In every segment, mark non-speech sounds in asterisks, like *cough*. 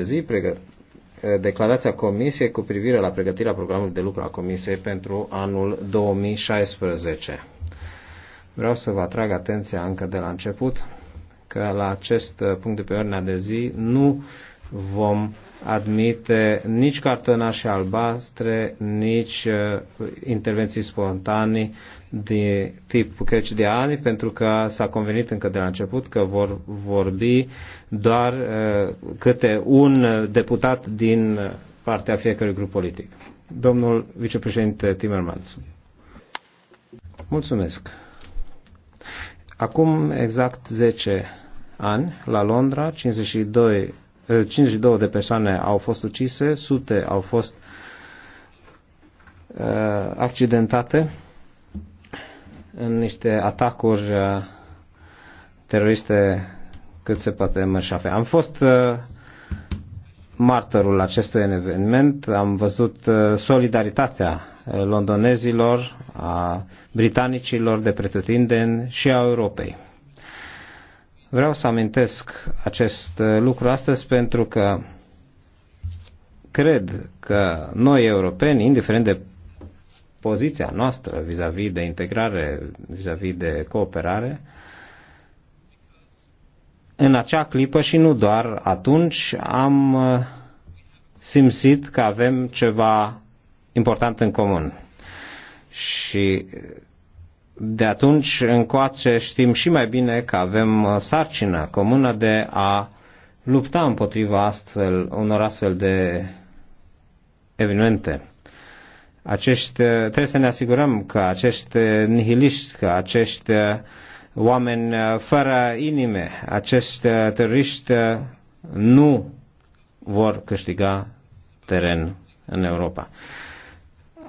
zi pregă... declarația Comisiei cu privire la pregătirea programului de lucru a Comisiei pentru anul 2016. Vreau să vă atrag atenția încă de la început că la acest punct de pe ordinea de zi nu vom admite nici cartonașe albastre, nici uh, intervenții spontane de tip creci de ani, pentru că s-a convenit încă de la început că vor vorbi doar uh, câte un deputat din partea fiecărui grup politic. Domnul vicepreședinte Timmermans. Mulțumesc. Acum exact 10 ani, la Londra, 52 52 de persoane au fost ucise, sute au fost uh, accidentate în niște atacuri uh, teroriste cât se poate mărșafe. Am fost uh, martorul acestui eveniment, am văzut solidaritatea londonezilor, a britanicilor de pretutindeni și a Europei. Vreau să amintesc acest uh, lucru astăzi pentru că cred că noi europeni, indiferent de poziția noastră vis-a-vis -vis de integrare, vis-a-vis -vis de cooperare, în acea clipă și nu doar atunci am uh, simțit că avem ceva important în comun. Și de atunci încoace știm și mai bine că avem uh, sarcina comună de a lupta împotriva astfel, unor astfel de evenimente. Acești, uh, trebuie să ne asigurăm că acești nihiliști, că acești uh, oameni fără inime, acești teroriști nu vor câștiga teren în Europa.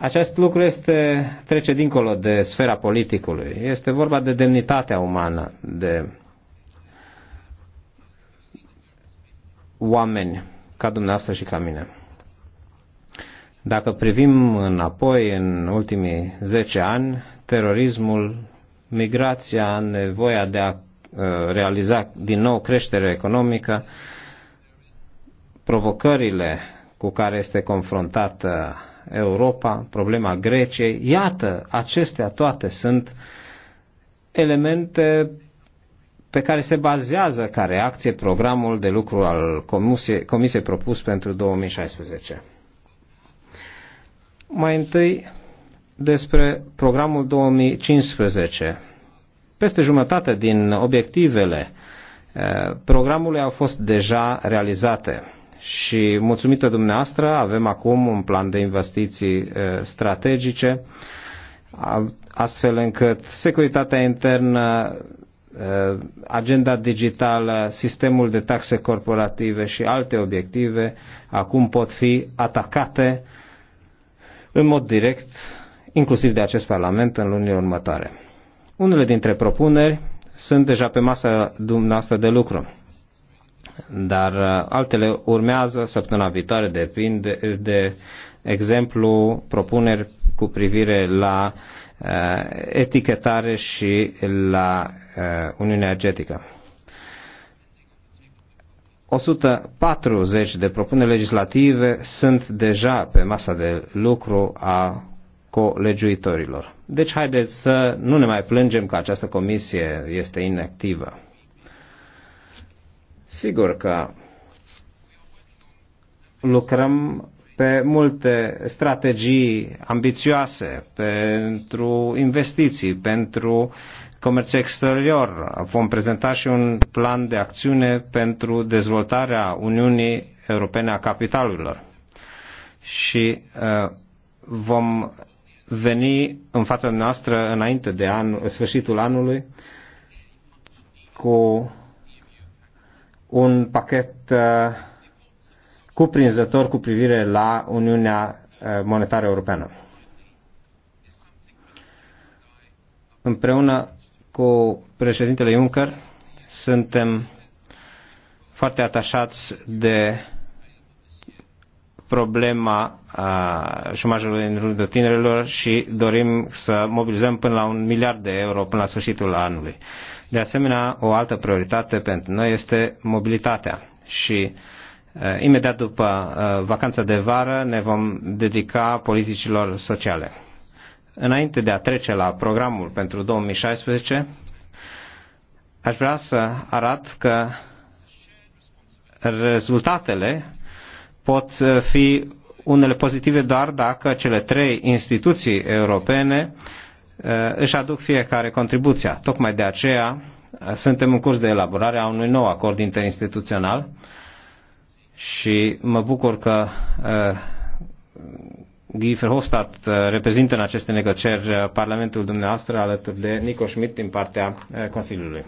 Acest lucru este, trece dincolo de sfera politicului. Este vorba de demnitatea umană, de oameni ca dumneavoastră și ca mine. Dacă privim înapoi în ultimii 10 ani, terorismul, migrația, nevoia de a uh, realiza din nou creștere economică, provocările cu care este confruntată Europa, problema Greciei. Iată, acestea toate sunt elemente pe care se bazează ca reacție programul de lucru al comisiei, comisiei propus pentru 2016. Mai întâi despre programul 2015. Peste jumătate din obiectivele eh, programului au fost deja realizate și mulțumită dumneavoastră avem acum un plan de investiții eh, strategice, astfel încât securitatea internă, eh, agenda digitală, sistemul de taxe corporative și alte obiective acum pot fi atacate în mod direct, inclusiv de acest Parlament, în lunile următoare. Unele dintre propuneri sunt deja pe masa dumneavoastră de lucru dar uh, altele urmează săptămâna viitoare, depinde de, de exemplu propuneri cu privire la uh, etichetare și la uh, Uniunea Energetică. 140 de propuneri legislative sunt deja pe masa de lucru a colegiuitorilor. Deci haideți să nu ne mai plângem că această comisie este inactivă. Sigur că lucrăm pe multe strategii ambițioase pentru investiții, pentru comerț exterior. Vom prezenta și un plan de acțiune pentru dezvoltarea Uniunii Europene a Capitalurilor. Și uh, vom veni în fața noastră înainte de anul, sfârșitul anului cu un pachet uh, cuprinzător cu privire la Uniunea uh, Monetară Europeană. Împreună cu președintele Juncker suntem foarte atașați de problema uh, șomajului în rândul tinerilor și dorim să mobilizăm până la un miliard de euro până la sfârșitul anului. De asemenea, o altă prioritate pentru noi este mobilitatea și uh, imediat după uh, vacanța de vară ne vom dedica politicilor sociale. Înainte de a trece la programul pentru 2016, aș vrea să arăt că rezultatele pot uh, fi unele pozitive doar dacă cele trei instituții europene uh, Eh, își aduc fiecare contribuția. Tocmai de aceea eh, suntem în curs de elaborare a unui nou acord interinstituțional și mă bucur că eh, Guy Verhofstadt reprezintă în aceste negocieri Parlamentul dumneavoastră alături de Nico Schmidt din partea Consiliului.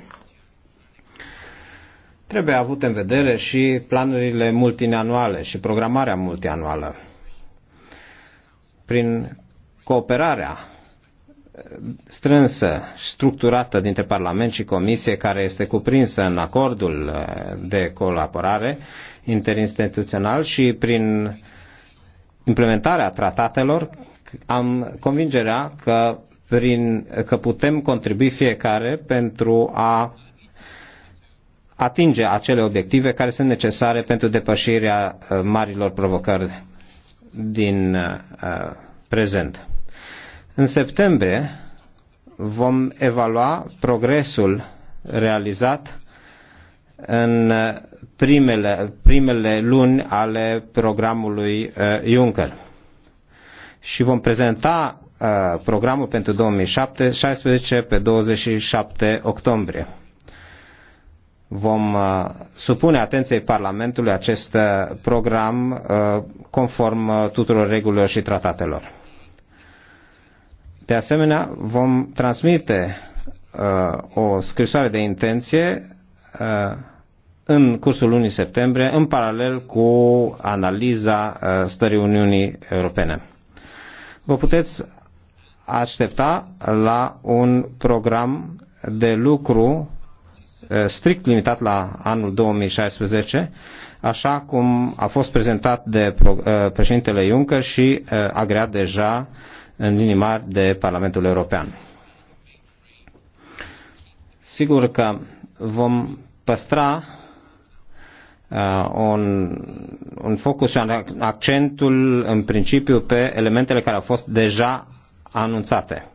Trebuie avut în vedere și planurile multianuale și programarea multianuală. Prin cooperarea strânsă, structurată dintre Parlament și Comisie, care este cuprinsă în acordul uh, de colaborare interinstituțional și prin implementarea tratatelor am convingerea că, prin, că putem contribui fiecare pentru a atinge acele obiective care sunt necesare pentru depășirea uh, marilor provocări din uh, prezent. În septembrie vom evalua progresul realizat în primele, primele luni ale programului uh, Juncker și vom prezenta uh, programul pentru 2016 pe 27 octombrie. Vom uh, supune atenției Parlamentului acest program conform tuturor regulilor și tratatelor. De asemenea, vom transmite uh, o scrisoare de intenție uh, în cursul lunii septembrie, în paralel cu analiza uh, stării Uniunii Europene. Vă puteți aștepta la un program de lucru uh, strict limitat la anul 2016, așa cum a fost prezentat de uh, președintele Juncker și uh, agreat deja în linii mari de Parlamentul European. Sigur că vom păstra uh, un, un focus și un accentul în principiu pe elementele care au fost deja anunțate.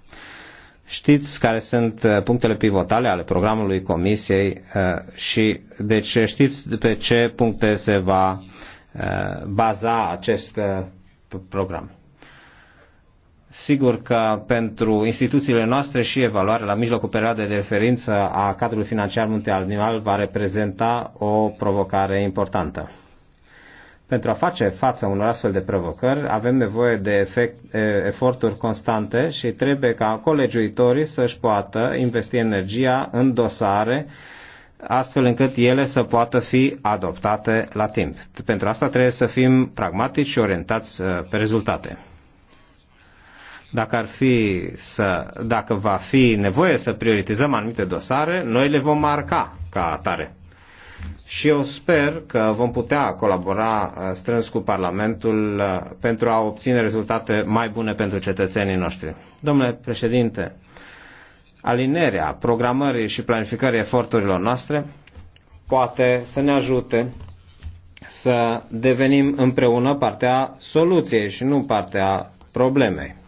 Știți care sunt uh, punctele pivotale ale programului Comisiei uh, și deci știți pe ce puncte se va uh, baza acest program. Sigur că pentru instituțiile noastre și evaluarea la mijlocul perioadei de referință a cadrului financiar multianual va reprezenta o provocare importantă. Pentru a face față unor astfel de provocări, avem nevoie de efect, eforturi constante și trebuie ca colegiuitorii să-și poată investi energia în dosare astfel încât ele să poată fi adoptate la timp. Pentru asta trebuie să fim pragmatici și orientați pe rezultate. Dacă, ar fi să, dacă va fi nevoie să prioritizăm anumite dosare, noi le vom marca ca atare. Și eu sper că vom putea colabora uh, strâns cu Parlamentul uh, pentru a obține rezultate mai bune pentru cetățenii noștri. Domnule președinte, alinerea programării și planificării eforturilor noastre poate să ne ajute să devenim împreună partea soluției și nu partea problemei.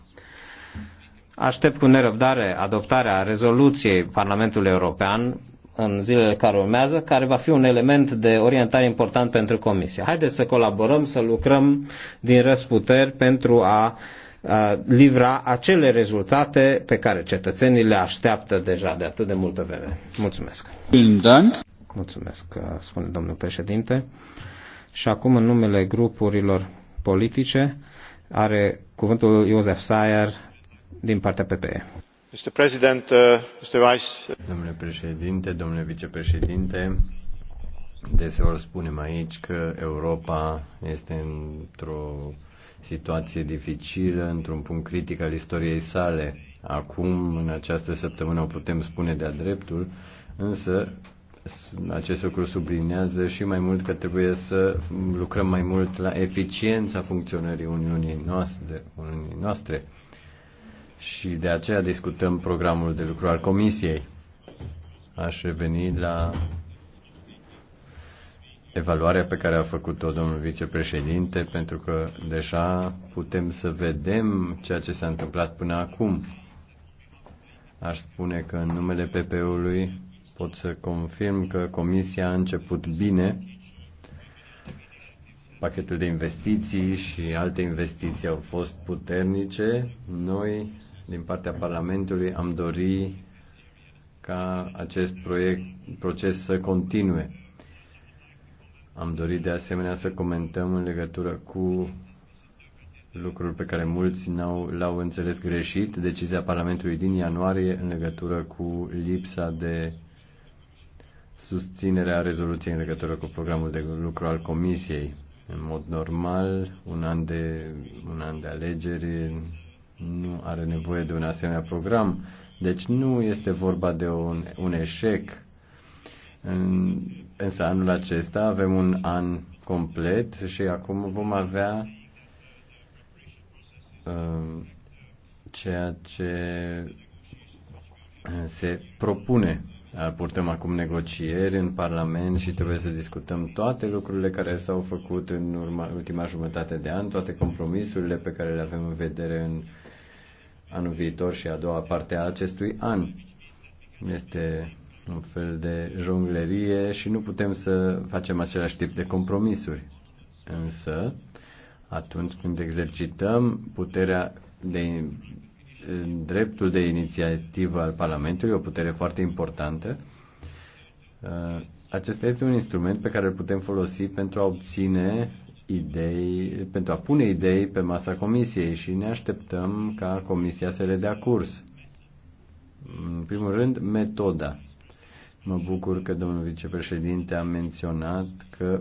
Aștept cu nerăbdare adoptarea rezoluției Parlamentului European în zilele care urmează, care va fi un element de orientare important pentru Comisie. Haideți să colaborăm, să lucrăm din răsputeri pentru a, a livra acele rezultate pe care cetățenii le așteaptă deja de atât de multă vreme. Mulțumesc! Mulțumesc, spune domnul președinte. Și acum, în numele grupurilor politice, are cuvântul Iosef Sayer din partea PPE. Mr. President, uh, Mr. Vice. Domnule președinte, domnule vicepreședinte, deseori spunem aici că Europa este într-o situație dificilă, într-un punct critic al istoriei sale. Acum, în această săptămână, o putem spune de-a dreptul, însă acest lucru sublinează și mai mult că trebuie să lucrăm mai mult la eficiența funcționării Uniunii noastre. Uniunii noastre și de aceea discutăm programul de lucru al Comisiei. Aș reveni la evaluarea pe care a făcut-o domnul vicepreședinte, pentru că deja putem să vedem ceea ce s-a întâmplat până acum. Aș spune că în numele PP-ului pot să confirm că Comisia a început bine pachetul de investiții și alte investiții au fost puternice. Noi din partea Parlamentului am dori ca acest proiect, proces să continue. Am dorit de asemenea să comentăm în legătură cu lucruri pe care mulți n-au, l-au înțeles greșit, decizia Parlamentului din ianuarie în legătură cu lipsa de susținere a rezoluției în legătură cu programul de lucru al Comisiei. În mod normal, un an de, un an de alegeri nu are nevoie de un asemenea program. Deci nu este vorba de un, un eșec. În, însă anul acesta avem un an complet și acum vom avea uh, ceea ce uh, se propune. Purtăm acum negocieri în Parlament și trebuie să discutăm toate lucrurile care s-au făcut în urma, ultima jumătate de an, toate compromisurile pe care le avem în vedere în uh, anul viitor și a doua parte a acestui an. Este un fel de jonglerie și nu putem să facem același tip de compromisuri. Însă, atunci când exercităm puterea de dreptul de inițiativă al Parlamentului, o putere foarte importantă, ă, acesta este un instrument pe care îl putem folosi pentru a obține idei, pentru a pune idei pe masa comisiei și ne așteptăm ca comisia să le dea curs. În primul rând, metoda. Mă bucur că domnul vicepreședinte a menționat că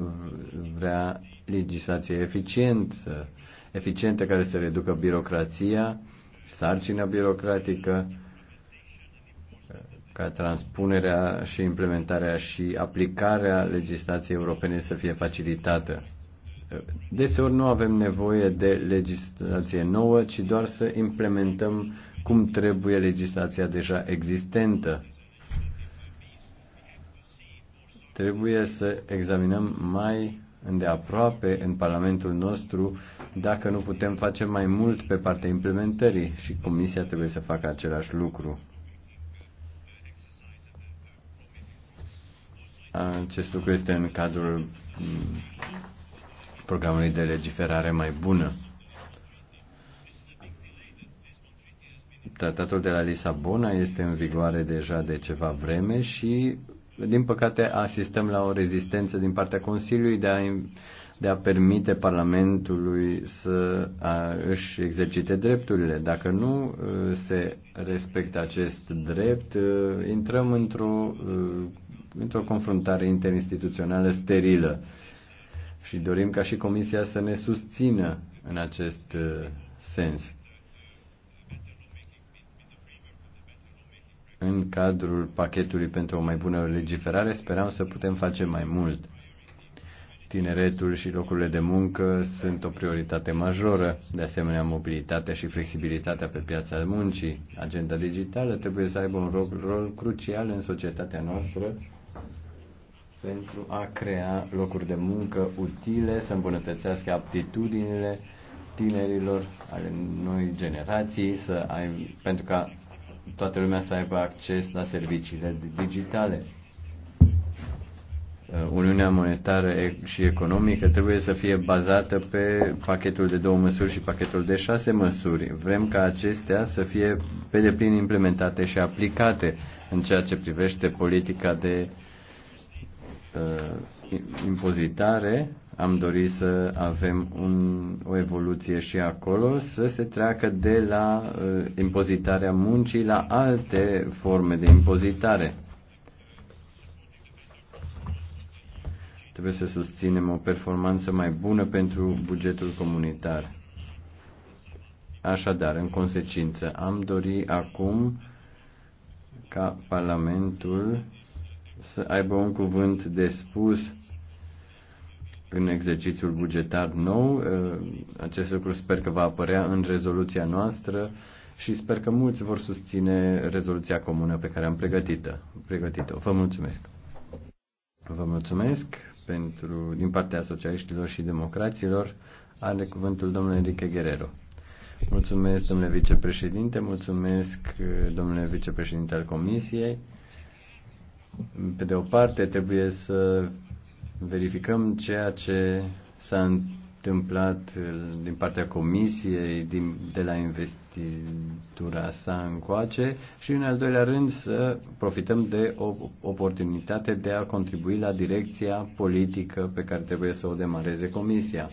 vrea legislație eficientă, eficientă care să reducă birocrația, sarcina birocratică, ca transpunerea și implementarea și aplicarea legislației europene să fie facilitată. Deseori nu avem nevoie de legislație nouă, ci doar să implementăm cum trebuie legislația deja existentă. Trebuie să examinăm mai îndeaproape în Parlamentul nostru dacă nu putem face mai mult pe partea implementării și Comisia trebuie să facă același lucru. Acest lucru este în cadrul programului de legiferare mai bună. Tratatul de la Lisabona este în vigoare deja de ceva vreme și, din păcate, asistăm la o rezistență din partea Consiliului de a, de a permite Parlamentului să a, își exercite drepturile. Dacă nu uh, se respectă acest drept, uh, intrăm într-o uh, într-o confruntare interinstituțională sterilă și dorim ca și Comisia să ne susțină în acest uh, sens. În cadrul pachetului pentru o mai bună legiferare sperăm să putem face mai mult. Tineretul și locurile de muncă sunt o prioritate majoră, de asemenea mobilitatea și flexibilitatea pe piața muncii. Agenda digitală trebuie să aibă un rol, rol crucial în societatea noastră pentru a crea locuri de muncă utile, să îmbunătățească aptitudinile tinerilor, ale noi generații, să ai, pentru ca toată lumea să aibă acces la serviciile digitale. Uh, Uniunea monetară și economică trebuie să fie bazată pe pachetul de două măsuri și pachetul de șase măsuri. Vrem ca acestea să fie pe deplin implementate și aplicate în ceea ce privește politica de uh, impozitare, am dorit să avem un, o evoluție și acolo, să se treacă de la uh, impozitarea muncii la alte forme de impozitare. Trebuie să susținem o performanță mai bună pentru bugetul comunitar. Așadar, în consecință, am dorit acum ca Parlamentul să aibă un cuvânt de spus în exercițiul bugetar nou. Uh, acest lucru sper că va apărea în rezoluția noastră și sper că mulți vor susține rezoluția comună pe care am pregătită, pregătit-o. Vă mulțumesc! Vă mulțumesc pentru, din partea socialiștilor și democraților, are cuvântul domnul Enrique Guerrero. Mulțumesc, domnule vicepreședinte, mulțumesc, domnule vicepreședinte al Comisiei. Pe de o parte, trebuie să verificăm ceea ce s-a întâmplat din partea comisiei din, de la investitura sa încoace și, în al doilea rând, să profităm de o oportunitate de a contribui la direcția politică pe care trebuie să o demareze comisia.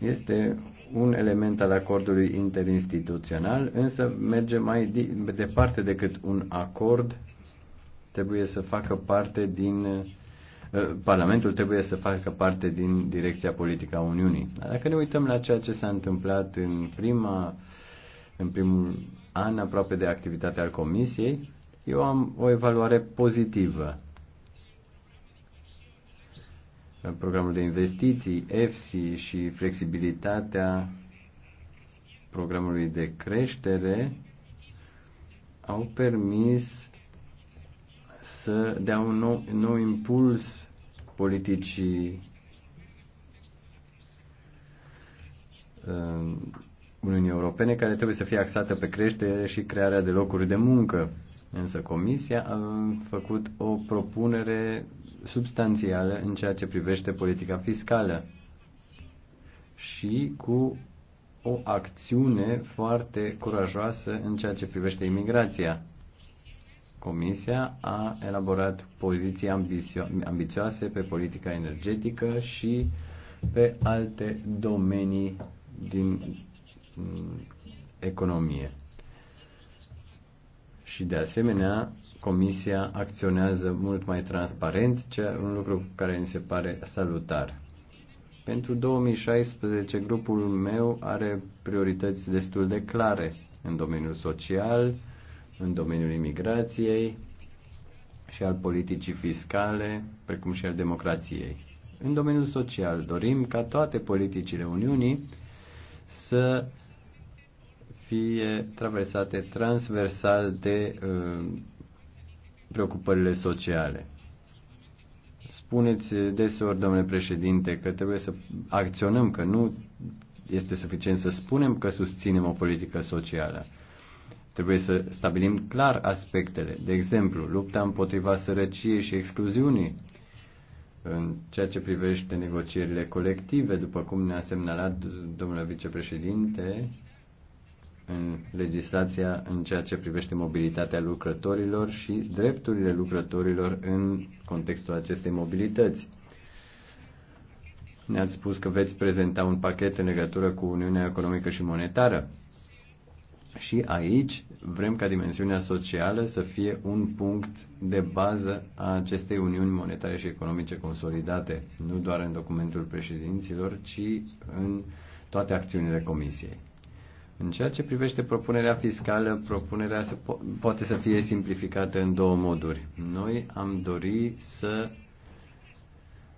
Este un element al acordului interinstituțional, însă merge mai departe decât un acord trebuie să facă parte din uh, Parlamentul trebuie să facă parte din direcția politică a Uniunii. Dacă ne uităm la ceea ce s-a întâmplat în, prima, în primul an aproape de activitate al Comisiei, eu am o evaluare pozitivă. Programul de investiții, EFSI și flexibilitatea programului de creștere au permis să dea un nou, nou impuls politicii uh, Uniunii Europene care trebuie să fie axată pe creștere și crearea de locuri de muncă. Însă Comisia a făcut o propunere substanțială în ceea ce privește politica fiscală și cu o acțiune foarte curajoasă în ceea ce privește imigrația. Comisia a elaborat poziții ambicioase pe politica energetică și pe alte domenii din mm, economie. Și de asemenea, Comisia acționează mult mai transparent, un lucru care mi se pare salutar. Pentru 2016, grupul meu are priorități destul de clare în domeniul social, în domeniul imigrației și al politicii fiscale, precum și al democrației. În domeniul social dorim ca toate politicile Uniunii să fie traversate transversal de uh, preocupările sociale. Spuneți deseori, domnule președinte, că trebuie să acționăm, că nu este suficient să spunem că susținem o politică socială. Trebuie să stabilim clar aspectele, de exemplu, lupta împotriva sărăciei și excluziunii, în ceea ce privește negocierile colective, după cum ne-a semnalat domnul vicepreședinte, în legislația în ceea ce privește mobilitatea lucrătorilor și drepturile lucrătorilor în contextul acestei mobilități. Ne-ați spus că veți prezenta un pachet în legătură cu Uniunea Economică și Monetară. Și aici vrem ca dimensiunea socială să fie un punct de bază a acestei uniuni monetare și economice consolidate, nu doar în documentul președinților, ci în toate acțiunile Comisiei. În ceea ce privește propunerea fiscală, propunerea se po- poate să fie simplificată în două moduri. Noi am dori să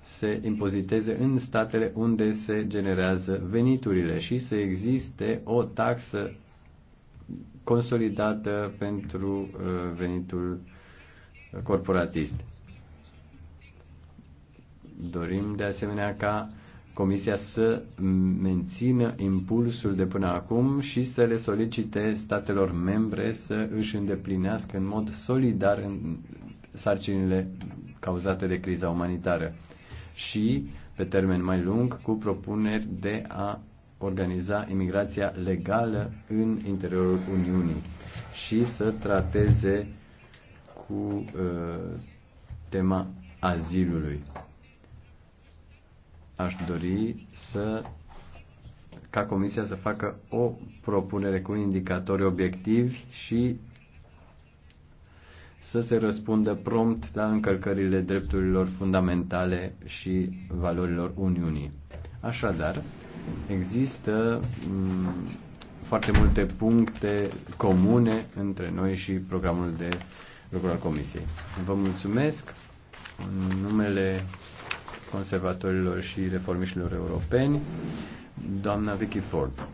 se impoziteze în statele unde se generează veniturile și să existe o taxă consolidată pentru uh, venitul uh, corporatist. Dorim de asemenea ca Comisia să mențină impulsul de până acum și să le solicite statelor membre să își îndeplinească în mod solidar în sarcinile cauzate de criza umanitară și, pe termen mai lung, cu propuneri de a organiza imigrația legală în interiorul Uniunii și să trateze cu uh, tema azilului. Aș dori să ca Comisia să facă o propunere cu indicatori obiectivi și să se răspundă prompt la încălcările drepturilor fundamentale și valorilor Uniunii. Așadar, Există mm, foarte multe puncte comune între noi și programul de lucru al Comisiei. Vă mulțumesc în numele conservatorilor și reformiștilor europeni, doamna Vicky Ford.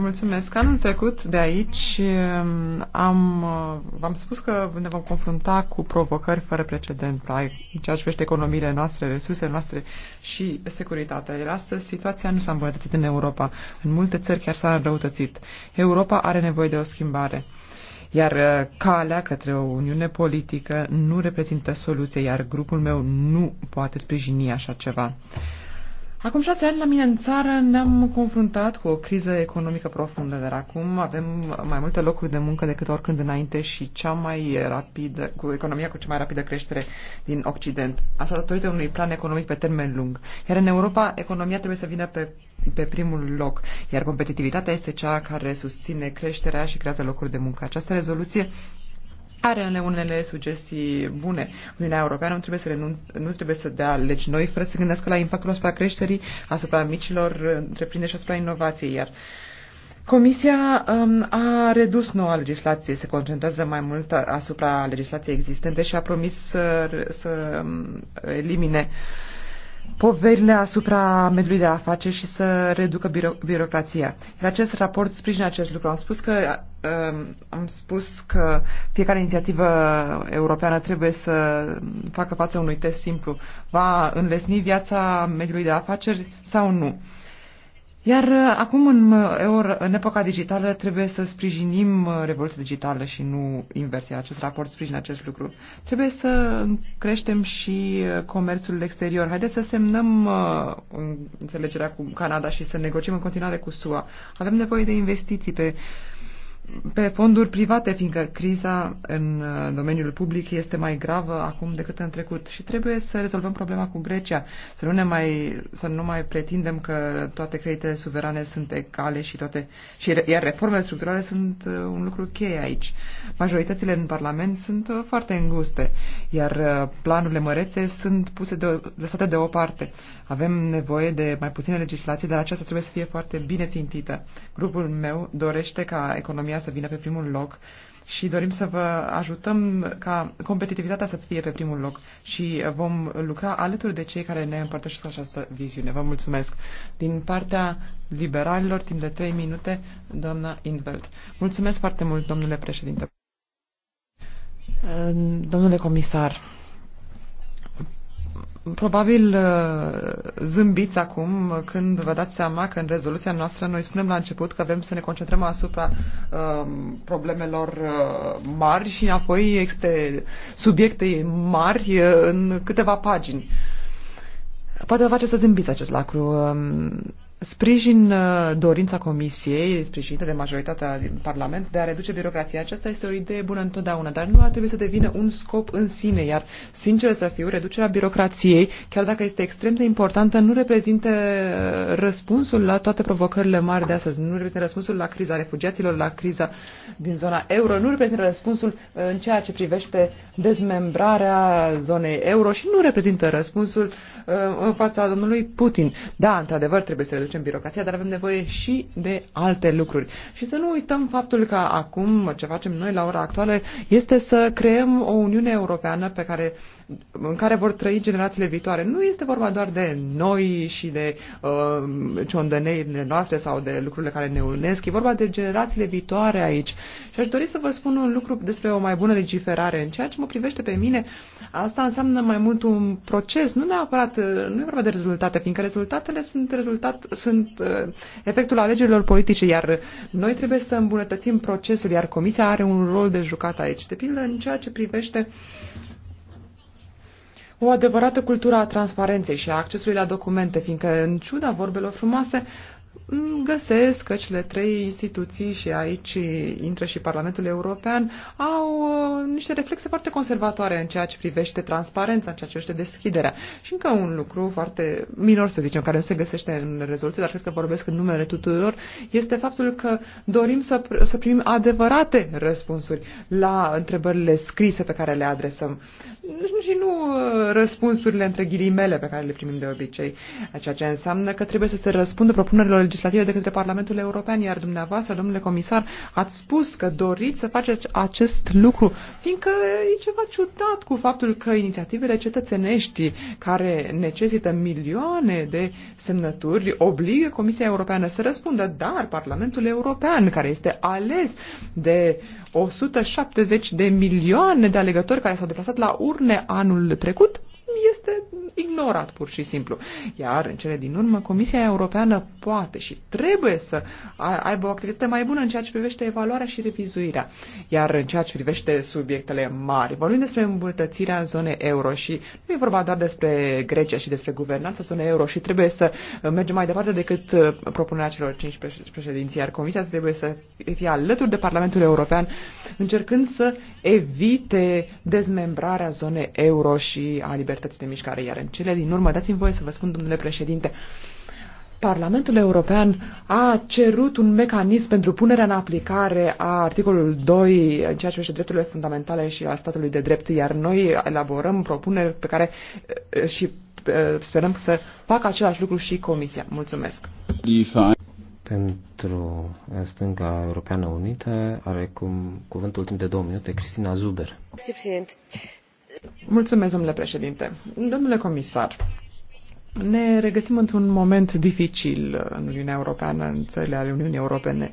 Mulțumesc. Anul trecut de aici um, am, uh, v-am spus că ne vom confrunta cu provocări fără precedent în ceea ce privește economiile noastre, resursele noastre și securitatea. Iar astăzi situația nu s-a îmbunătățit în Europa. În multe țări chiar s-a înrăutățit. Europa are nevoie de o schimbare iar uh, calea către o uniune politică nu reprezintă soluție, iar grupul meu nu poate sprijini așa ceva. Acum șase ani la mine în țară ne-am confruntat cu o criză economică profundă, dar acum avem mai multe locuri de muncă decât oricând înainte și cea mai rapidă, cu economia cu cea mai rapidă creștere din Occident. Asta datorită unui plan economic pe termen lung. Iar în Europa, economia trebuie să vină pe pe primul loc, iar competitivitatea este cea care susține creșterea și creează locuri de muncă. Această rezoluție are în unele sugestii bune. Uniunea Europeană nu trebuie, să renun- nu trebuie să dea legi noi fără să gândească la impactul asupra creșterii, asupra micilor întreprinderi și asupra inovației. Iar Comisia um, a redus noua legislație, se concentrează mai mult asupra legislației existente și a promis să, să um, elimine uh, poverile asupra mediului de afaceri și să reducă biro- birocrația. Iar acest raport sprijină acest lucru. Am spus că um, am spus că fiecare inițiativă europeană trebuie să facă față unui test simplu. Va înlesni viața mediului de afaceri sau nu? Iar uh, acum, în, uh, în epoca digitală, trebuie să sprijinim uh, revoluția digitală și nu inversia. Acest raport sprijină acest lucru. Trebuie să creștem și comerțul exterior. Haideți să semnăm înțelegerea cu Canada și să negociem în continuare cu SUA. Avem nevoie de investiții pe uh, pe fonduri private, fiindcă criza în uh, domeniul public este mai gravă acum decât în trecut și trebuie să rezolvăm problema cu Grecia, să nu, ne mai, să nu mai pretindem că toate creditele suverane sunt egale și toate, și, iar reformele structurale sunt uh, un lucru cheie aici. Majoritățile în Parlament sunt uh, foarte înguste, iar planurile mărețe sunt puse de, lăsate deoparte. Avem nevoie de mai puține legislație, dar aceasta trebuie să fie foarte bine țintită. Grupul meu dorește ca economia România să vină pe primul loc și dorim să vă ajutăm ca competitivitatea să fie pe primul loc și vom lucra alături de cei care ne împărtășesc această viziune. Vă mulțumesc. Din partea liberalilor, timp de 3 minute, doamna Inveld. Mulțumesc foarte mult, domnule președinte. Domnule comisar, Probabil uh, zâmbiți acum când vă dați seama că în rezoluția noastră noi spunem la început că vrem să ne concentrăm asupra um, problemelor uh, mari și apoi este subiecte mari uh, în câteva pagini. Poate vă face să zâmbiți acest lucru. Um, Sprijin uh, dorința Comisiei, sprijinită de majoritatea din Parlament, de a reduce birocrația. Aceasta este o idee bună întotdeauna, dar nu ar trebui să devină un scop în sine, iar, sincer să fiu, reducerea birocrației, chiar dacă este extrem de importantă, nu reprezintă uh, răspunsul la toate provocările mari de astăzi, nu reprezintă răspunsul la criza refugiaților, la criza din zona euro, nu reprezintă răspunsul uh, în ceea ce privește dezmembrarea zonei euro și nu reprezintă răspunsul în fața domnului Putin. Da, într-adevăr, trebuie să reducem birocrația, dar avem nevoie și de alte lucruri. Și să nu uităm faptul că acum ce facem noi la ora actuală este să creăm o Uniune Europeană pe care, în care vor trăi generațiile viitoare. Nu este vorba doar de noi și de uh, ciondăneile noastre sau de lucrurile care ne unesc, e vorba de generațiile viitoare aici. Și aș dori să vă spun un lucru despre o mai bună legiferare. În ceea ce mă privește pe mine, asta înseamnă mai mult un proces, nu neapărat, uh, nu e vorba de rezultate, fiindcă rezultatele sunt rezultat, sunt uh, efectul alegerilor politice, iar noi trebuie să îmbunătățim procesul, iar Comisia are un rol de jucat aici. De pildă, în ceea ce privește o adevărată cultură a transparenței și a accesului la documente, fiindcă, în ciuda vorbelor frumoase, găsesc că cele trei instituții și aici intră și Parlamentul European au uh, niște reflexe foarte conservatoare în ceea ce privește transparența, în ceea ce privește deschiderea. Și încă un lucru foarte minor, să zicem, care nu se găsește în rezoluție, dar cred că vorbesc în numele tuturor, este faptul că dorim să, să primim adevărate răspunsuri la întrebările scrise pe care le adresăm și nu uh, răspunsurile între ghilimele pe care le primim de obicei, ceea ce înseamnă că trebuie să se răspundă propunerilor legislative de către Parlamentul European, iar dumneavoastră, domnule comisar, ați spus că doriți să faceți acest lucru, fiindcă e ceva ciudat cu faptul că inițiativele cetățenești care necesită milioane de semnături obligă Comisia Europeană să răspundă, dar Parlamentul European, care este ales de 170 de milioane de alegători care s-au deplasat la urne anul trecut, este ignorat pur și simplu. Iar în cele din urmă, Comisia Europeană poate și trebuie să aibă o activitate mai bună în ceea ce privește evaluarea și revizuirea. Iar în ceea ce privește subiectele mari, vorbim despre îmbunătățirea zonei euro și nu e vorba doar despre Grecia și despre guvernanța zonei euro și trebuie să mergem mai departe decât uh, propunerea celor cinci președinții, iar Comisia trebuie să fie alături de Parlamentul European încercând să evite dezmembrarea zonei euro și a libertății libertății de mișcare. Iar în cele din urmă, dați-mi voie să vă spun, domnule președinte, Parlamentul European a cerut un mecanism pentru punerea în aplicare a articolului 2 în ceea ce privește drepturile fundamentale și a statului de drept, iar noi elaborăm propuneri pe care eh, și eh, sperăm să facă același lucru și Comisia. Mulțumesc! Pentru Stânga Europeană Unită are cum cuvântul timp de două minute Cristina Zuber. Mulțumesc, domnule președinte. Domnule comisar, ne regăsim într-un moment dificil în Uniunea Europeană, în țările ale Uniunii Europene.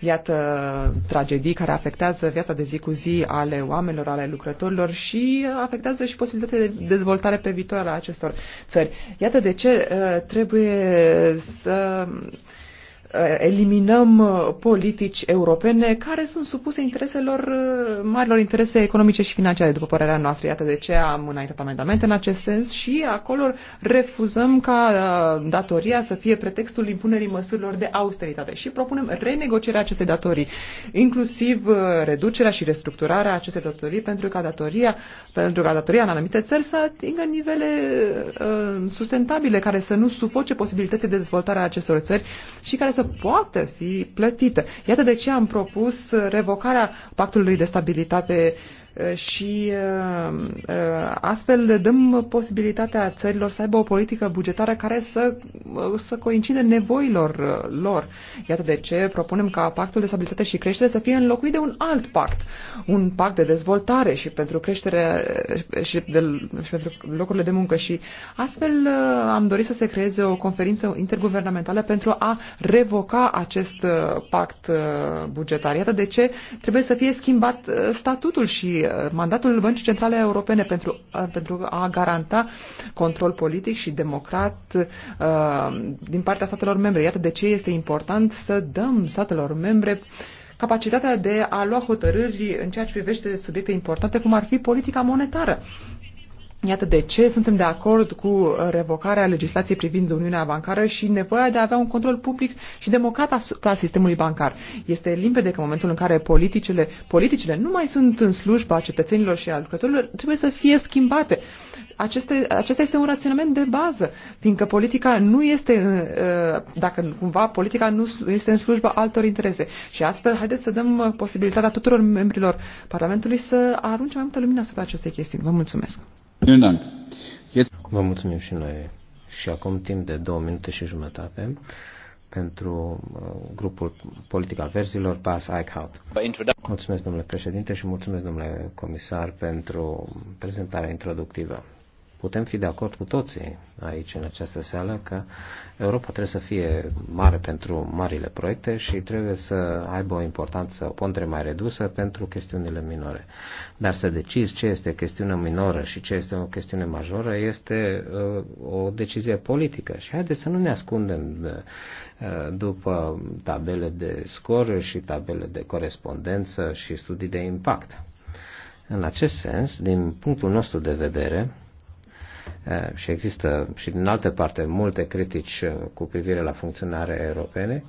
Iată tragedii care afectează viața de zi cu zi ale oamenilor, ale lucrătorilor și afectează și posibilitatea de dezvoltare pe viitor a acestor țări. Iată de ce uh, trebuie să Eh, eliminăm eh, politici europene care sunt supuse intereselor, eh, marilor interese economice și financiare, după părerea noastră. Iată de ce am înaintat amendamente în acest sens și acolo refuzăm ca datoria să fie pretextul impunerii măsurilor de austeritate și propunem renegocierea acestei datorii, inclusiv reducerea și restructurarea acestei datorii pentru ca datoria, pentru ca datoria în anumite țări să atingă nivele uh, sustentabile care să nu sufoce posibilității de dezvoltare a acestor țări și care să să poată fi plătită. Iată de ce am propus revocarea pactului de stabilitate uh, și uh, uh, astfel dăm posibilitatea țărilor să aibă o politică bugetară care să, uh, să coincide nevoilor lor. Iată de ce propunem ca pactul de stabilitate și creștere să fie înlocuit de un alt pact, un pact de dezvoltare și pentru creștere și, de, și pentru locurile de muncă și astfel am dorit să se creeze o conferință interguvernamentală pentru a revoca acest pact bugetar. Iată de ce trebuie să fie schimbat statutul și mandatul Băncii Centrale Europene pentru, pentru a garanta control politic și democrat uh, din partea statelor membre. Iată de ce este important să dăm statelor membre capacitatea de a lua hotărâri în ceea ce privește subiecte importante, cum ar fi politica monetară. Iată de ce suntem de acord cu revocarea legislației privind Uniunea Bancară și nevoia de a avea un control public și democrat asupra sistemului bancar. Este limpede că în momentul în care politicile, politicile nu mai sunt în slujba cetățenilor și a lucrătorilor, trebuie să fie schimbate. Aceste, acesta este un raționament de bază, fiindcă politica nu este, uh, dacă cumva politica nu este în slujba altor interese. Și astfel, haideți să dăm posibilitatea tuturor membrilor Parlamentului să arunce mai multă lumină asupra acestei chestiuni. Vă mulțumesc! Vă mulțumim și noi. Și acum timp de două minute și jumătate pentru uh, grupul politic al verzilor, PAS Eichhout. Mulțumesc, domnule președinte, și mulțumesc, domnule comisar, pentru prezentarea introductivă putem fi de acord cu toții aici în această seală că Europa trebuie să fie mare pentru marile proiecte și trebuie să aibă o importanță, o pondere mai redusă pentru chestiunile minore. Dar să decizi ce este chestiune minoră și ce este o chestiune majoră este uh, o decizie politică. Și haideți să nu ne ascundem de, uh, după tabele de scor și tabele de corespondență și studii de impact. În acest sens, din punctul nostru de vedere, și există și din alte parte multe critici cu privire la funcționarea europene,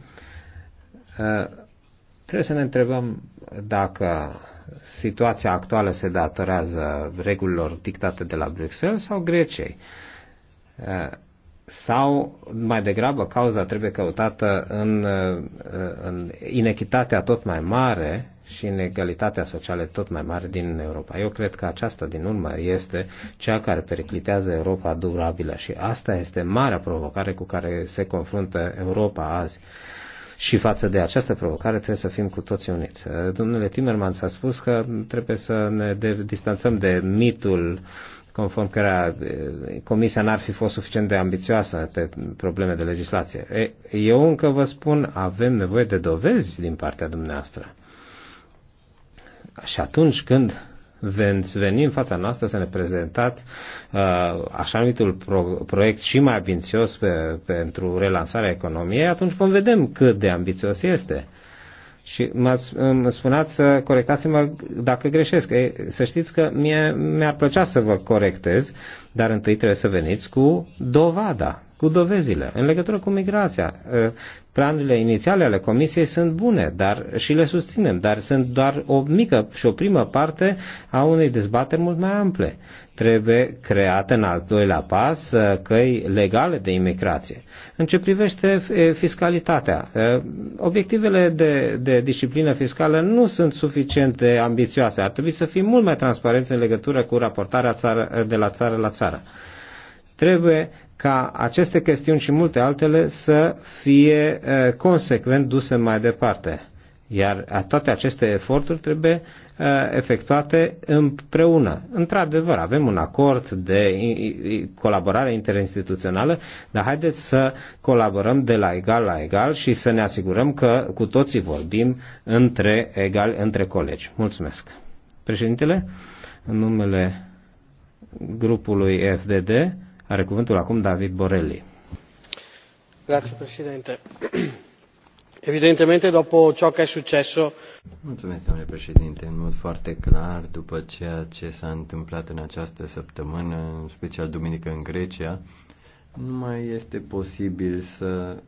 trebuie să ne întrebăm dacă situația actuală se datorează regulilor dictate de la Bruxelles sau Greciei. Sau, mai degrabă, cauza trebuie căutată în, în inechitatea tot mai mare și inegalitatea socială tot mai mare din Europa. Eu cred că aceasta din urmă este cea care periclitează Europa durabilă și asta este marea provocare cu care se confruntă Europa azi. Și față de această provocare trebuie să fim cu toții uniți. Domnule Timmermans a spus că trebuie să ne distanțăm de mitul conform cărea eh, comisia n-ar fi fost suficient de ambițioasă pe probleme de legislație. Eu încă vă spun, avem nevoie de dovezi din partea dumneavoastră. Și atunci când veți veni în fața noastră să ne prezentați uh, așa numitul pro, proiect și mai ambițios pe, pentru relansarea economiei, atunci vom vedem cât de ambițios este. Și mă spuneați să corectați-mă dacă greșesc. Ei, să știți că mie mi-ar plăcea să vă corectez, dar întâi trebuie să veniți cu dovada cu dovezile. În legătură cu migrația, planurile inițiale ale Comisiei sunt bune dar și le susținem, dar sunt doar o mică și o primă parte a unei dezbateri mult mai ample. Trebuie create în al doilea pas căi legale de imigrație. În ce privește fiscalitatea, obiectivele de, de disciplină fiscală nu sunt suficient de ambițioase. Ar trebui să fim mult mai transparenți în legătură cu raportarea țară, de la țară la țară. Trebuie ca aceste chestiuni și multe altele să fie consecvent duse mai departe. Iar toate aceste eforturi trebuie efectuate împreună. Într-adevăr, avem un acord de colaborare interinstituțională, dar haideți să colaborăm de la egal la egal și să ne asigurăm că cu toții vorbim între egal, între colegi. Mulțumesc. Președintele, în numele grupului FDD, are cuvântul acum David Borelli. Grazie, Presidente. *clears throat* Evidentemente, dopo ciò che è successo... Mulțumesc, domnule președinte. În mod foarte clar, după ceea ce s-a întâmplat în această săptămână, în special duminică în Grecia, nu mai este posibil să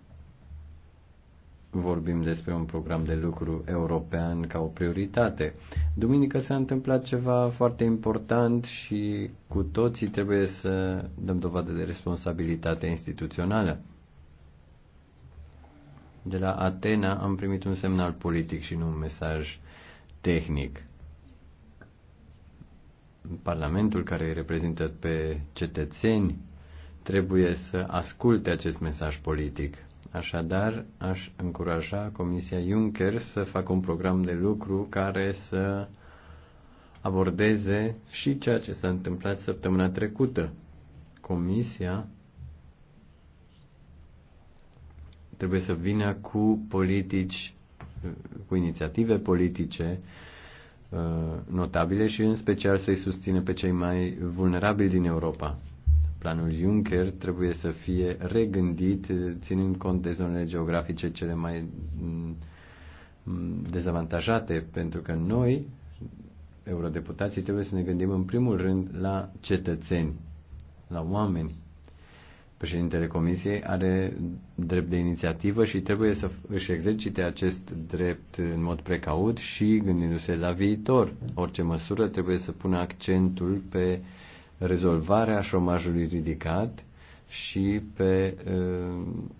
vorbim despre un program de lucru european ca o prioritate. Duminică s-a întâmplat ceva foarte important și cu toții trebuie să dăm dovadă de responsabilitate instituțională. De la Atena am primit un semnal politic și nu un mesaj tehnic. Parlamentul care îi reprezintă pe cetățeni trebuie să asculte acest mesaj politic Așadar, aș încuraja Comisia Juncker să facă un program de lucru care să abordeze și ceea ce s-a întâmplat săptămâna trecută. Comisia trebuie să vină cu politici, cu inițiative politice uh, notabile și în special să-i susține pe cei mai vulnerabili din Europa. Planul Juncker trebuie să fie regândit eh, ținând cont de zonele geografice cele mai mm, mm, dezavantajate, pentru că noi, eurodeputații, trebuie să ne gândim în primul rând la cetățeni, la oameni. Președintele Comisiei are drept de inițiativă și trebuie să își exercite acest drept în mod precaut și gândindu-se la viitor. Orice măsură trebuie să pună accentul pe uh, rezolvarea șomajului ridicat și pe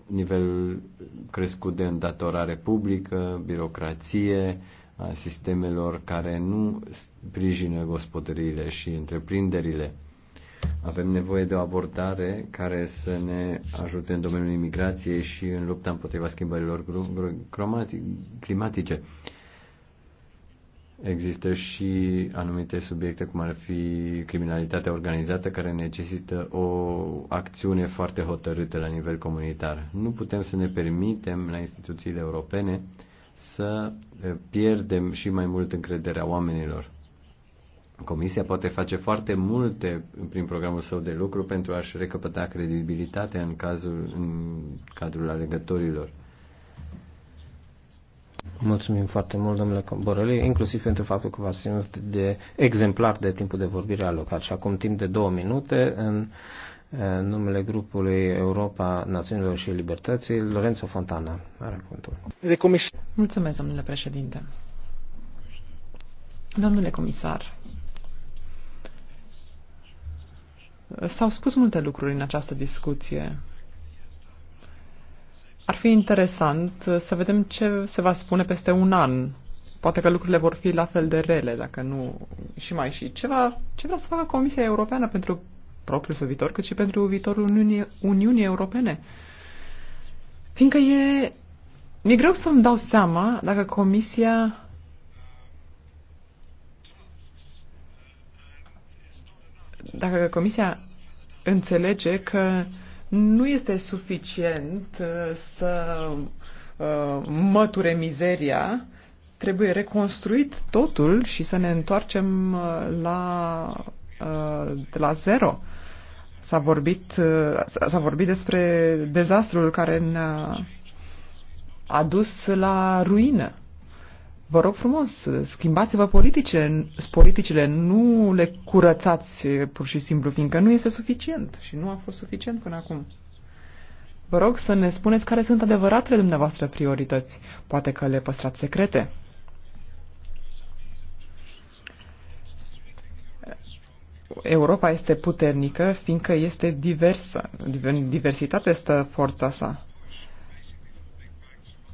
nivelul crescut de îndatorare publică, birocrație, a sistemelor care nu sprijină gospodăriile și întreprinderile. Avem nevoie de o abordare care să ne ajute în domeniul imigrației și în lupta împotriva schimbărilor climatice. Există și anumite subiecte, cum ar fi criminalitatea organizată, care necesită o acțiune foarte hotărâtă la nivel comunitar. Nu putem să ne permitem la instituțiile europene să eh, pierdem și mai mult încrederea oamenilor. Comisia poate face foarte multe prin programul său de lucru pentru a-și recăpăta credibilitatea în, cazul, în cadrul alegătorilor. Mulțumim foarte mult, domnule Borăli, inclusiv pentru faptul că v-ați ținut de exemplar de timpul de vorbire alocat. Și acum timp de două minute, în numele grupului Europa Națiunilor și Libertății, Lorenzo Fontana are cuvântul. Mulțumesc, domnule președinte. Domnule comisar, s-au spus multe lucruri în această discuție ar fi interesant să vedem ce se va spune peste un an. Poate că lucrurile vor fi la fel de rele, dacă nu și mai și. Ce, va, ce vrea să facă Comisia Europeană pentru propriul său viitor, cât și pentru viitorul Uniunii, Uniunii Europene? Fiindcă e, e greu să-mi dau seama dacă Comisia dacă Comisia înțelege că uh, nu este suficient uh, să uh, măture mizeria, trebuie reconstruit totul și să ne întoarcem uh, la, de la zero. S-a vorbit, s-a vorbit despre dezastrul care ne-a adus la ruină. Vă rog frumos, schimbați-vă politice, politicile, nu le curățați pur și simplu, fiindcă nu este suficient și nu a fost suficient până acum. Vă rog să ne spuneți care sunt adevăratele dumneavoastră priorități. Poate că le păstrați secrete. Europa este puternică, fiindcă este diversă. Diversitatea este forța sa.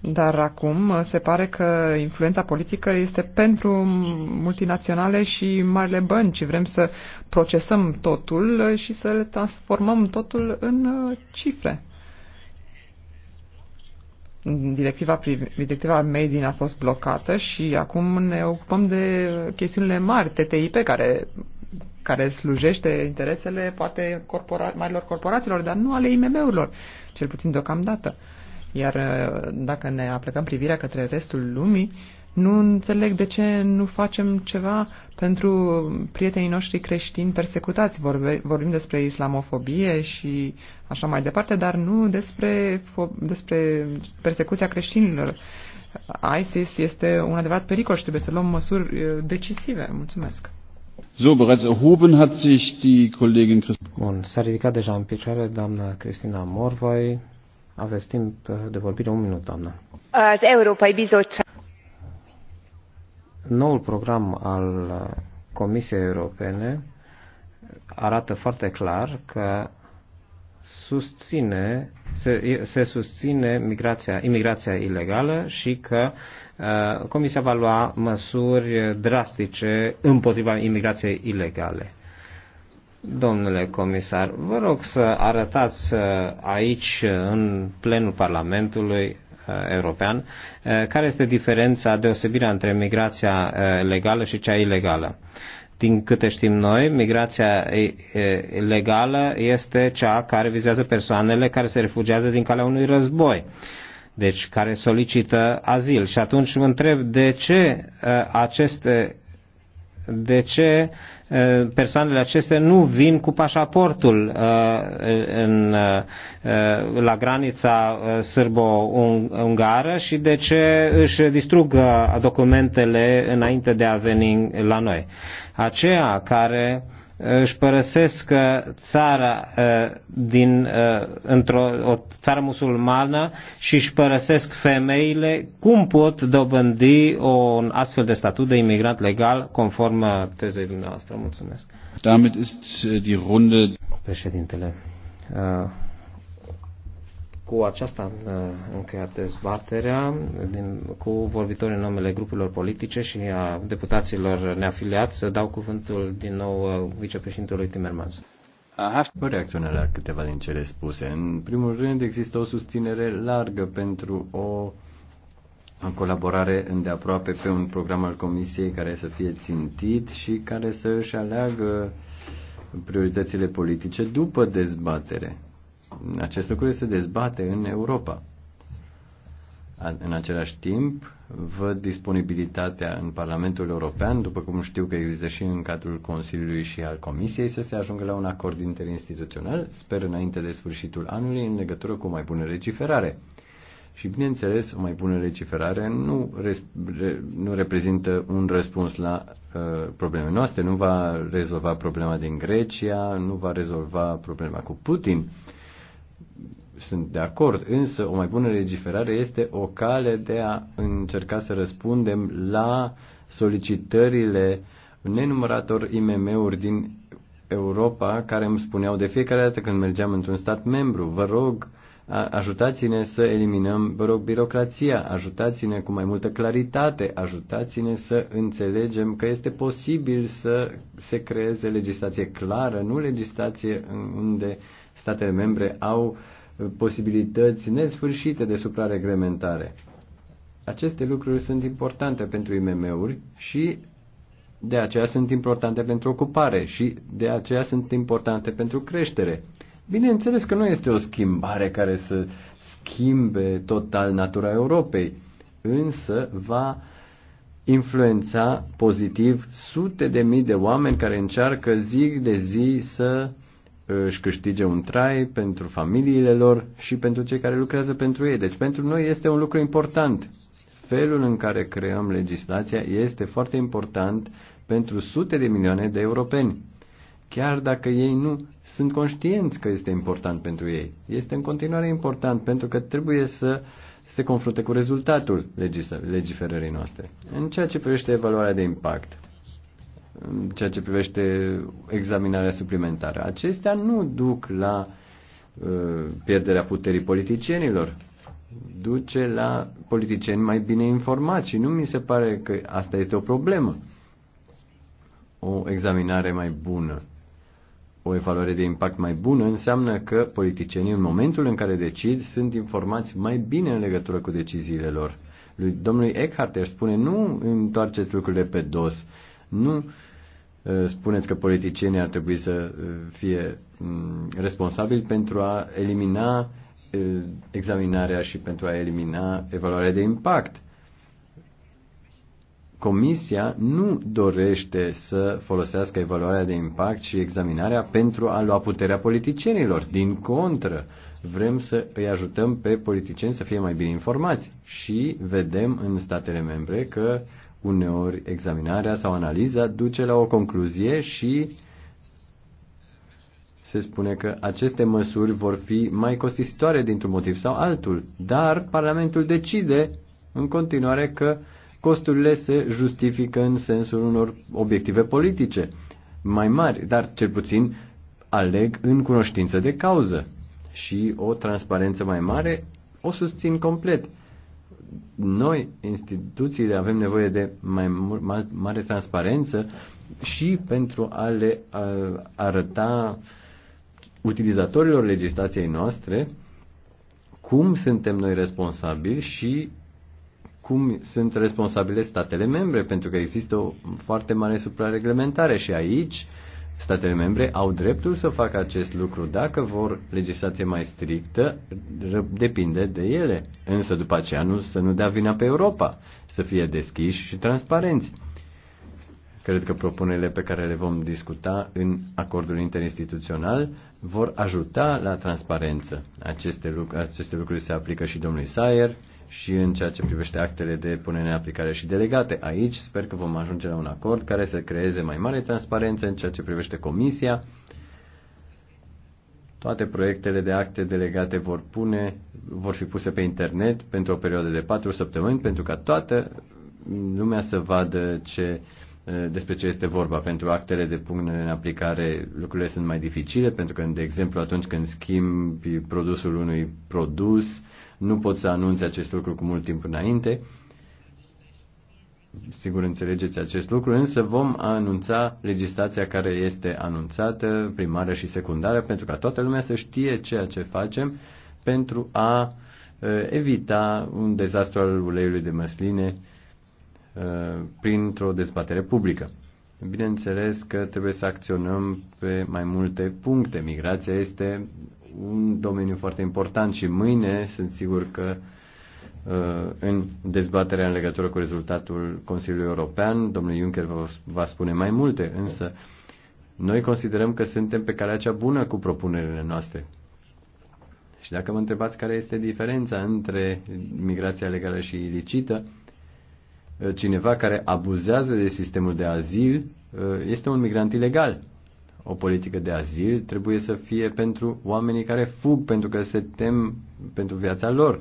Dar acum uh, se pare că influența politică este pentru multinaționale și marile bănci. Vrem să procesăm totul uh, și să le transformăm totul în uh, cifre. Directiva, directiva Made in a fost blocată și acum ne ocupăm de chestiunile mari, TTIP, care, care slujește interesele poate corpora, marilor corporațiilor, dar nu ale IMM-urilor, cel puțin deocamdată. Iar uh, dacă ne aplecăm privirea către restul lumii, nu înțeleg de ce nu facem ceva pentru prietenii noștri creștini persecutați. Vorbe, vorbim despre islamofobie și așa mai departe, dar nu despre, despre persecuția creștinilor. ISIS este un adevărat pericol și trebuie să luăm măsuri uh, decisive. Mulțumesc. So, bereits erhoben hat sich die Kollegin Bun, s-a ridicat deja în picioare doamna Cristina Morvai, aveți timp de vorbire un minut, doamnă. Az Európai Bizottság. Noul program al Comisiei Europene arată foarte clar că susține, se, se susține migrația, imigrația ilegală și că uh, Comisia va lua măsuri drastice împotriva imigrației ilegale. Domnule comisar, vă rog să arătați uh, aici, în plenul Parlamentului uh, European, uh, care este diferența, deosebirea între migrația legală și cea ilegală. Din câte știm noi, migrația legală este cea care vizează persoanele care se refugiază din calea unui război deci care solicită azil. Și atunci mă întreb de ce aceste de ce Eh, persoanele acestea nu vin cu pașaportul eh, în, eh, la granița sârbo-ungară și de ce își distrug documentele înainte de a veni la noi. Aceia care își părăsesc uh, țara uh, din, uh, într-o o țară musulmană și își părăsesc femeile, cum pot dobândi un astfel de statut de imigrant legal conform tezei dumneavoastră? Mulțumesc. Damit ist die Runde... Președintele, cu aceasta uh, încheiat dezbaterea din, cu vorbitorii în numele grupurilor politice și a deputaților neafiliați. Dau cuvântul din nou uh, vicepreședintelui Timmermans. Uh, Vă reacționa la câteva din cele spuse. În primul rând, există o susținere largă pentru o în colaborare îndeaproape pe un program al Comisiei care să fie țintit și care să își aleagă prioritățile politice după dezbatere. Acest lucru se dezbate în Europa. În același timp, văd disponibilitatea în Parlamentul European, după cum știu că există și în cadrul Consiliului și al Comisiei, să se ajungă la un acord interinstituțional, sper înainte de sfârșitul anului, în legătură cu o mai bună legiferare. Și, bineînțeles, o mai bună legiferare nu, re, nu reprezintă un răspuns la uh, problemele noastre, nu va rezolva problema din Grecia, nu va rezolva problema cu Putin. Uh, sunt de acord, însă o mai bună legiferare este o cale de a încerca să răspundem la solicitările nenumărator IMM-uri din Europa care îmi spuneau de fiecare dată când mergeam într-un stat membru, vă rog, ajutați-ne să eliminăm, vă rog, birocrația, ajutați-ne cu mai multă claritate, ajutați-ne să înțelegem că este posibil să se creeze legislație clară, nu legislație unde statele membre au uh, posibilități nesfârșite de suprareglementare. Aceste lucruri sunt importante pentru IMM-uri și de aceea sunt importante pentru ocupare și de aceea sunt importante pentru creștere. Bineînțeles că nu este o schimbare care să schimbe total natura Europei, însă va influența pozitiv sute de mii de oameni care încearcă zi de zi să uh, își câștige un trai pentru familiile lor și pentru cei care lucrează pentru ei. Deci pentru noi este un lucru important. Felul în care creăm legislația este foarte important pentru sute de milioane de europeni, chiar dacă ei nu sunt conștienți că este important pentru ei. Este în continuare important pentru că trebuie să se confrunte cu rezultatul legiferării noastre. În ceea ce privește evaluarea de impact, ceea ce privește examinarea suplimentară. Acestea nu duc la uh, pierderea puterii politicienilor, duce la politicieni mai bine informați și nu mi se pare că asta este o problemă. O examinare mai bună, o evaluare de impact mai bună înseamnă că politicienii în momentul în care decid sunt informați mai bine în legătură cu deciziile lor. Lui, domnului Eckhart spune nu întoarceți lucrurile pe dos, nu uh, spuneți că politicienii ar trebui să uh, fie mm, responsabili pentru a elimina uh, examinarea și pentru a elimina evaluarea de impact. Comisia nu dorește să folosească evaluarea de impact și examinarea pentru a lua puterea politicienilor. Din contră, vrem să îi ajutăm pe politicieni să fie mai bine informați și vedem în statele membre că Uneori examinarea sau analiza duce la o concluzie și se spune că aceste măsuri vor fi mai costisitoare dintr-un motiv sau altul, dar Parlamentul decide în continuare că costurile se justifică în sensul unor obiective politice mai mari, dar cel puțin aleg în cunoștință de cauză și o transparență mai mare o susțin complet noi, instituțiile, avem nevoie de mai mare transparență și pentru a le arăta utilizatorilor legislației noastre cum suntem noi responsabili și cum sunt responsabile statele membre, pentru că există o foarte mare suprareglementare și aici uh, Statele membre au dreptul să facă acest lucru. Dacă vor legislație mai strictă, depinde de ele. Însă după aceea nu, să nu dea vina pe Europa, să fie deschiși și transparenți. Cred că propunerile pe care le vom discuta în acordul interinstituțional vor ajuta la transparență. Aceste, lucruri, aceste lucruri se aplică și domnului Sayer, și în ceea ce privește actele de punere în aplicare și delegate. Aici sper că vom ajunge la un acord care să creeze mai mare transparență în ceea ce privește comisia. Toate proiectele de acte delegate vor, pune, vor fi puse pe internet pentru o perioadă de 4 săptămâni pentru ca toată lumea să vadă ce, eh, despre ce este vorba. Pentru actele de punere în aplicare lucrurile sunt mai dificile pentru că, de exemplu, atunci când schimbi produsul unui produs, nu pot să anunț acest lucru cu mult timp înainte. Sigur înțelegeți acest lucru, însă vom anunța legislația care este anunțată, primară și secundară, pentru ca toată lumea să știe ceea ce facem pentru a evita un dezastru al uleiului de măsline printr-o dezbatere publică. Bineînțeles că trebuie să acționăm pe mai multe puncte. Migrația este un domeniu foarte important și mâine sunt sigur că uh, în dezbaterea în legătură cu rezultatul Consiliului European, domnul Juncker va spune mai multe, însă noi considerăm că suntem pe calea cea bună cu propunerile noastre. Și dacă mă întrebați care este diferența între migrația legală și ilicită, uh, cineva care abuzează de sistemul de azil uh, este un migrant ilegal. O politică de azil trebuie să fie pentru oamenii care fug pentru că se tem pentru viața lor.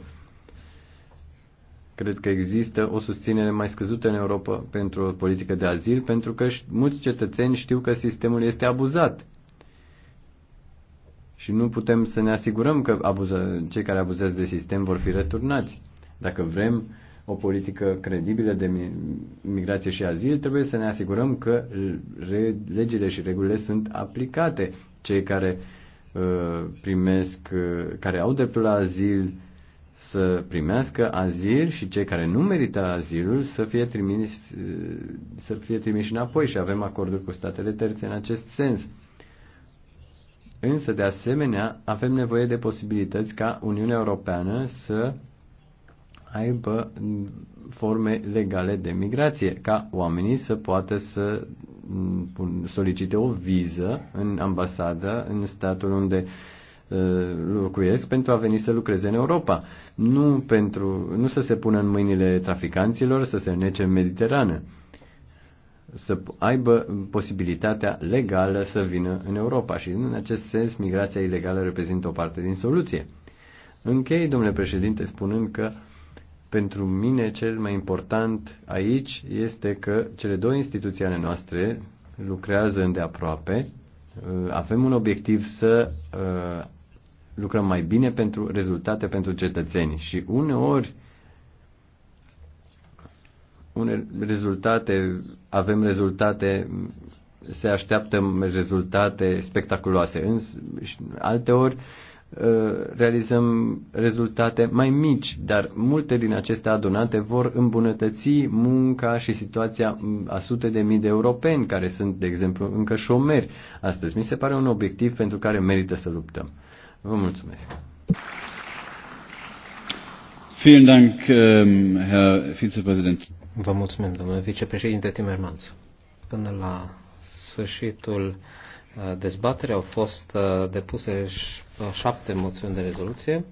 Cred că există o susținere mai scăzută în Europa pentru o politică de azil pentru că mulți cetățeni știu că sistemul este abuzat. Și nu putem să ne asigurăm că abuză, cei care abuzează de sistem vor fi returnați. Dacă vrem o politică credibilă de migrație și azil, trebuie să ne asigurăm că legile și regulile sunt aplicate. Cei care uh, primesc, uh, care au dreptul la azil să primească azil și cei care nu merită azilul să fie trimiși, uh, să fie trimiși înapoi și avem acorduri cu statele terțe în acest sens. Însă, de asemenea, avem nevoie de posibilități ca Uniunea Europeană să aibă forme legale de migrație, ca oamenii să poată să mm, solicite o viză în ambasadă, în statul unde locuiesc pentru a veni să lucreze în Europa. Nu, pentru, nu să se pună în mâinile traficanților, să se nece în Mediterană. Să aibă posibilitatea legală să vină în Europa și în acest sens migrația ilegală reprezintă o parte din soluție. Închei, domnule președinte, spunând că pentru mine cel mai important aici este că cele două instituții ale noastre lucrează îndeaproape. Uh, avem un obiectiv să uh, lucrăm mai bine pentru rezultate pentru cetățeni și uneori une rezultate, avem rezultate, se așteaptă rezultate spectaculoase, însă alteori Uh, realizăm rezultate mai mici, dar multe din acestea adunate vor îmbunătăți munca și situația a sute de mii de europeni care sunt, de exemplu, încă șomeri. Astăzi mi se pare un obiectiv pentru care merită să luptăm. Vă mulțumesc. Vielen Dank, ähm, Herr Vizepräsident. Vă mulțumim, domnule vicepreședinte Timmermans. Până la sfârșitul dezbatere au fost uh, depuse șapte moțiuni de rezoluție.